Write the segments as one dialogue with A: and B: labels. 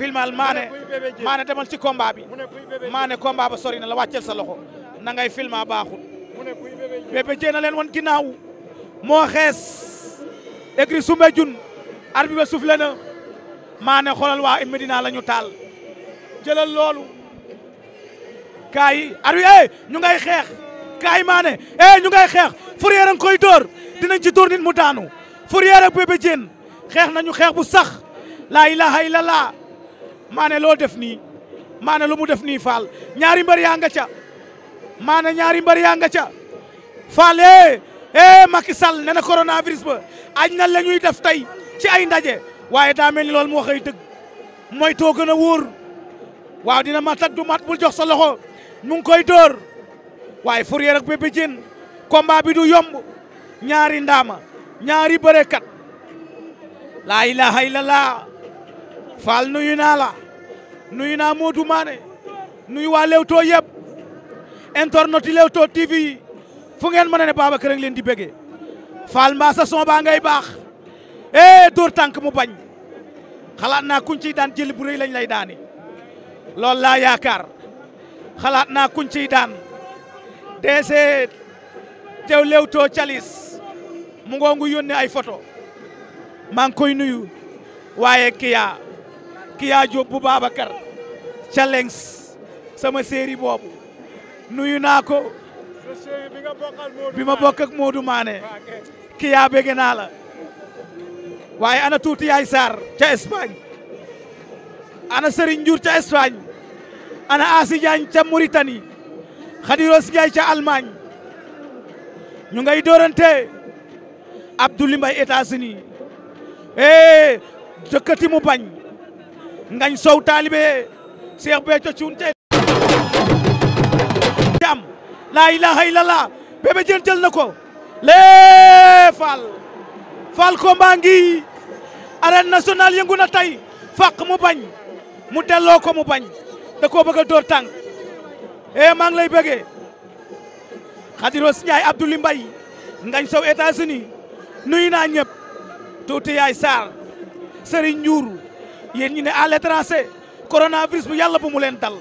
A: filmal maane maane demal ci combat bi maane combat ba sori na la wàccel sa loxo na ngay filma baaxul Bébé Diène na leen wan ginnaaw moo xees écrit sumbe jun arbi ba maane xoolal waa Medina la ñu taal jëlal loolu kaay yi arbi eh ñu xeex kaay maane eh ñu xeex Fourrière a ngi koy dóor dinañ ci dóor nit mu daanu Fourrière ak xeex nañu xeex bu sax laa ilaha illallah maane loo def nii maane lu mu def nii faal ñaari mbër yaa nga maane ñaari mbër yaa nga ca faal eh eh Macky Sall nee na coronavirus ba añ na la ñuy def tey ci ay ndaje waaye daa mel ni loolu mu waxay ay dëgg mooy too gën a wóor waaw dina mat ak du mat bul jox sa loxo nu ngi koy dóor waaye Fourrière ak Bébé Diène combat bi du yomb ñaari ndaama ñaari bërekat laa ilaha illallah faal nuyu naa nuyu naa Modou Mané nuyu waa Leewtoo yëpp internet yi Leewtoo TV yi fu ngeen mën a ne leen di bëggee Fall mbaa sa son baa ngay baax eh mu bañ xalaat na kuñ ciy daan jëli bu lañ lay daani loolu laa yaakaar xalaat naa kuñ ciy daan DC teew Leewtoo calis mu ngoo ngu yónnee ay photo maa ngi koy nuyu waaye kiyaa kiyaa Jóob bu Babacar challenge sama série boobu nuyu naa ko bi ma bokk ak Modou Mané ki naa la waaye ana tuuti yaay Sarr ca Espagne ana Serigne Ndiour ca Espagne ana Asi Diagne ca Mauritanie Khadiros Ndiaye ca Allemagne ñu ngay doorante Abdoulaye Mbaye États-Unis eh jëkkati mu bañ ngañ sow taalibe Cheikh Béthio Thioune tey am laa ilaha illallah Bébé Diène jël na ko lee Fall Fall combat ngi arène nationale yëngu na tey fàq mu bañ mu delloo ko mu bañ da koo bëgg a door tànk e maa ngi lay bëggee Khadiros Ndiaye Abdoulaye Mbaye ngañ sow États-Unis nuyu naa ñëpp tuuti yaay Sarr Serigne Ndiour ñi ne à l'étranger coronavirus bu yàlla bu mu leen dal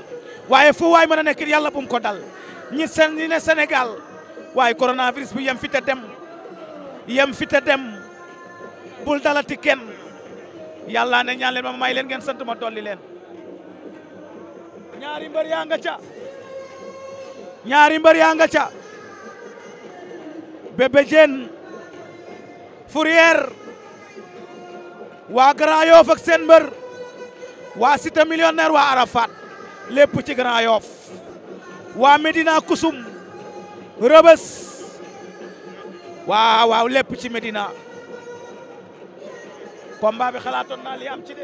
A: waaye fu waay mën a nekk yàlla bu mu ko dal ñi seen ñi ne senegal waaye coronavirus bu yem fi te dem yem fi te dem bul dalati kenn yàlla ne ñaan leen ma may leen ngeen sant ma dolli leen. ñaari mbër yaa nga ca ñaari mbër yaa nga ca Bébé Diène Fourrière waa Grand Yoff ak mbër. waa Cité millionnaire waa Arafat lépp ci Grand waa Medina Kusum Rëbës waaw waaw lépp ci Medina combat bi xalaatoon naa li am ci de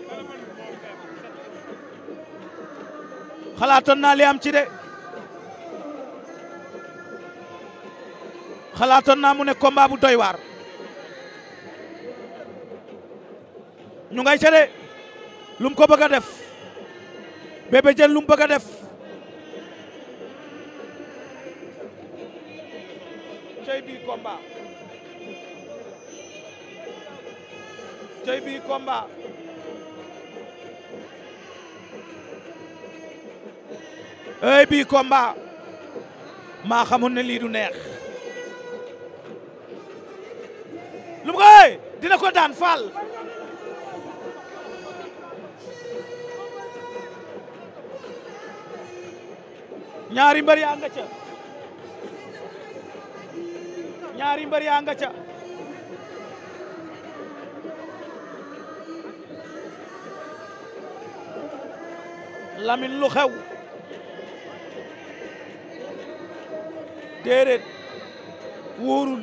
A: xalaatoon naa mu ne combat bu ñu ngay ca de lum ko bëgg a def Bébé Diène lu mu bëgg a def cey bii combat cey bii combat ey bii combat maa xamoon ne lii du neex lu mu ko dina ko daan faal ñaari mbër yaa nga ca ñaari lu xew déedéet wóorul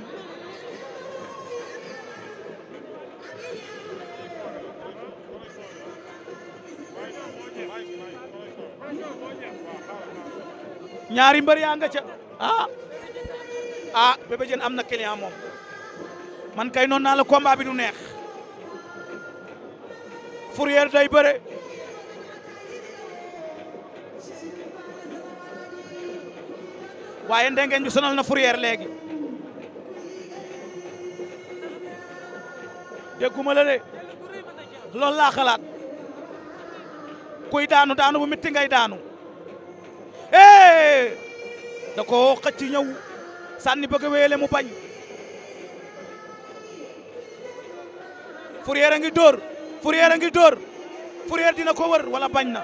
A: ñaari mbër yaa nga ca ah, ah am na client moom man kay noonu naa la combat bi du neex Fourrière day bëre waaye ndengeen ju sonal na Fourrière léegi dégguma la lool loolu laa xalaat kuy daanu daanu bu metti ngay daanu eh da koo xëcc ñëw sànni bëgg mu bañ Fourrière a ngi dóor Fourrière a ngi dóor Fourrière dina ko wër walla bañ na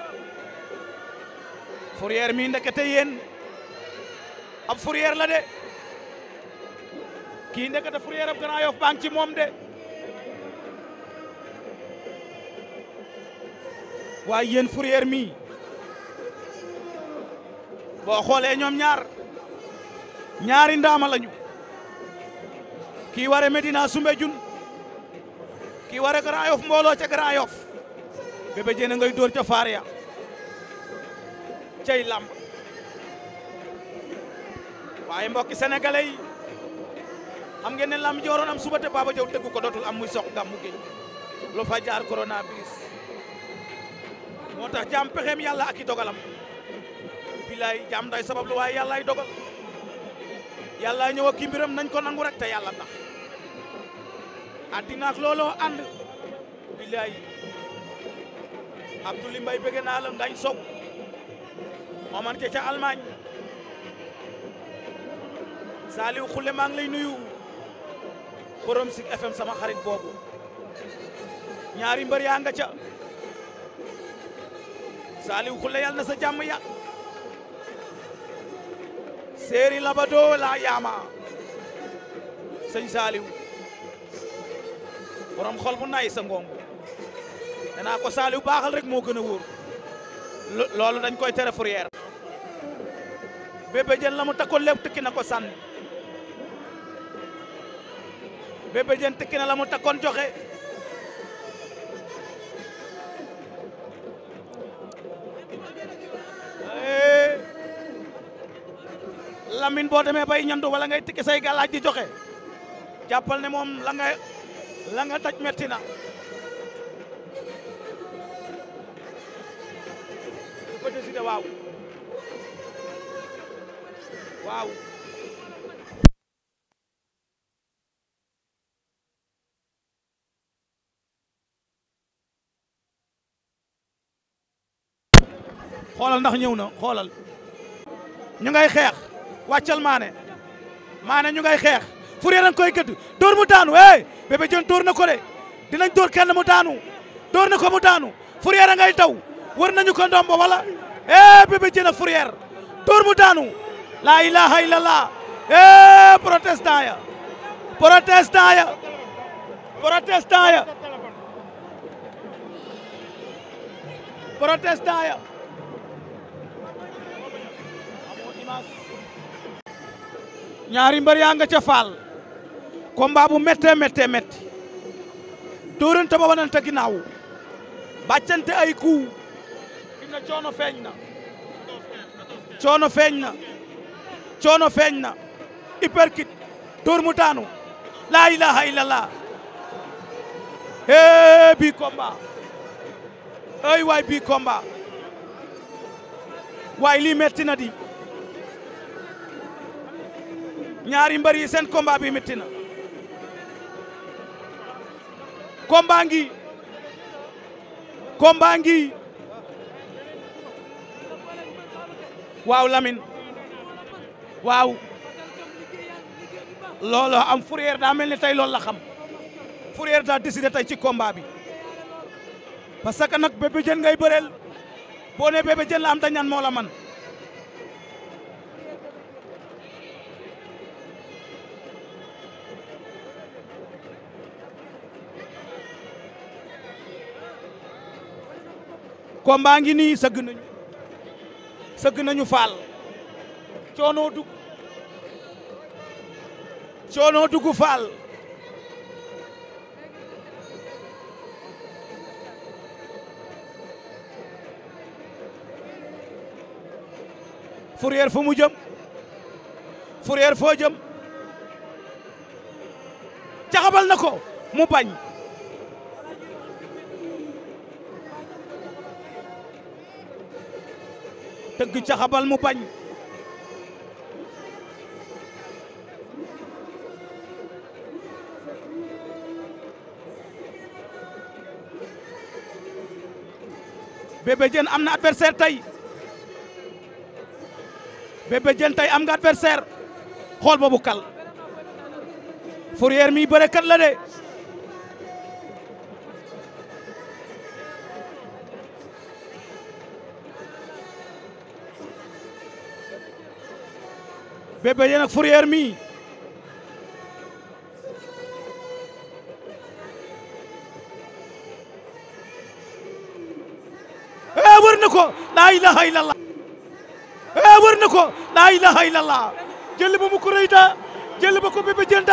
A: Fourrière mi ndekete yéen ab Fourrière la de kii ndekete Fourrière ab Grand Yoff baa ci moom de waaye yéen Fourrière mi boo xoolee ñoom ñaar ñaari ndaama lañu kii ware Medina Soumbédioune kii ware Grand Yoff mbooloo ca Grand Yoff Bébé ngay dóor ca faar cay làmb waaye mbokki sénégalais yi xam ngeen ne làmb ji waroon am suba te Baba Diaw ko dootul am muy sox gàmmu gi lu fa jaar moo tax jaam pexeem yàlla ak i billaay jaam day sabab lu waaye yàllaay dogal yàlla ñëw ak nañ ko nangu rek te yàlla tax addinaak looloo ànd billaay Abdoulaye Mbaye bëgg naa la ngañ soog mooman ke ca almaañ Saliou Khoule maa ngi lay nuyu borom Zik FM sama xarit boobu ñaari mbër yaa nga ca Saliou Khoule yàlla na sa jàmm yàgg seeri labado la yaama sëñ Saaliw borom xol mu nay sa ngooŋ nee naa ko Saaliw baaxal rek moo gën a wóor loolu dañ koy tere fourrière bébé jën la mu takkoon lépp tëkki na ko sànni bébé jën tëkki na la mu takkoon joxe min boo demee bay ñandu wala ngay tikki say galaaj di joxe jàppal ne moom la nga la nga taj metti na dafa décidé xoolal ndax ñëw na xoolal ñu ngay xeex wàccal maane maane ñu ngay xeex Fourier a ngi koy gëdd dóor mu daanu hey Bébé dóor na ko de dinañ dóor kenn mu daanu dóor na ko mu taanu Fourier a ngay daw wër nañu ko ndombo wala eh Bébé Diène ak dóor mu daanu laa ilaha illallah eh protestant ya protestant ya protestant ya protestant ya ñaari mbër yaa nga ca faal combat bu méttee ba wanante ginnaaw bàccante ay coup kim coono feeñ na coono feeñ na coono feeñ na hyperkit mu taanu laa hee bii combat ay waay bii combat waay lii metti di ñaari mbër yi seen combat bi métti na combat ngi combat ngi waaw Lamine waaw looloo am Fourrière daa mel ni tey loolu la xam Fourrière daa décidé tey ci combat bi parce que nag Bébé Diène ngay bëreel boo ne Bébé Diène la am dañan moo la man combat ngi nii sëgg nañu sëgg nañu faal coonoo dugg coonoo dugg faal Fourrière fu mu jëm Fourrière foo jëm caxabal na ko mu tëgg ca xabal mu bañ Bébé Diène am na adversaire tey Bébé Diène tey am nga adversaire xool boobu kal Fourrière mi bëre kat la de bébé yéen ak mi ee eh, wër na ko laa ilaha illallah ee eh, wër na ko laa ilaha illallah jël ba mu ko rëy na jël ba ko bébé jën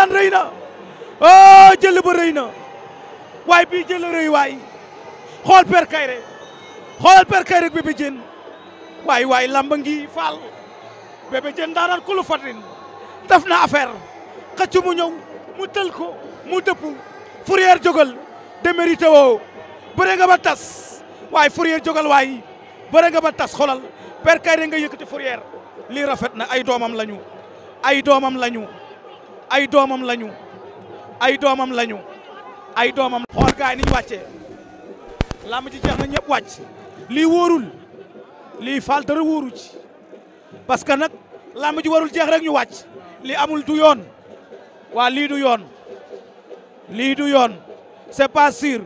A: oh, jël ba rëy waay bii jël rëy waay xool per kayre xoolal per kayre ak bébé waay waay lamba ngi faal Bébé Diène daanaan kulu fatin def na affaire xëcc mu ñëw mu tël ko mu dëpp Fourrière jógal démérité woo bëre nga ba tas waaye Fourrière jógal waaye bëre nga ba tas xolal per kay re nga yëkkati Fourrière lii rafet na ay doomam lañu ay doomam lañu ay doomam lañu ay doomam lañu ay doomam xool gaay yi ni ñu wàccee làmb ji jeex na ñëpp wàcc lii wóorul lii faal dara wóoru ci parce que nag làmb ji warul jeex rek ñu wàcc li amul du yoon waa lii du yoon lii du yoon c'est pas sûr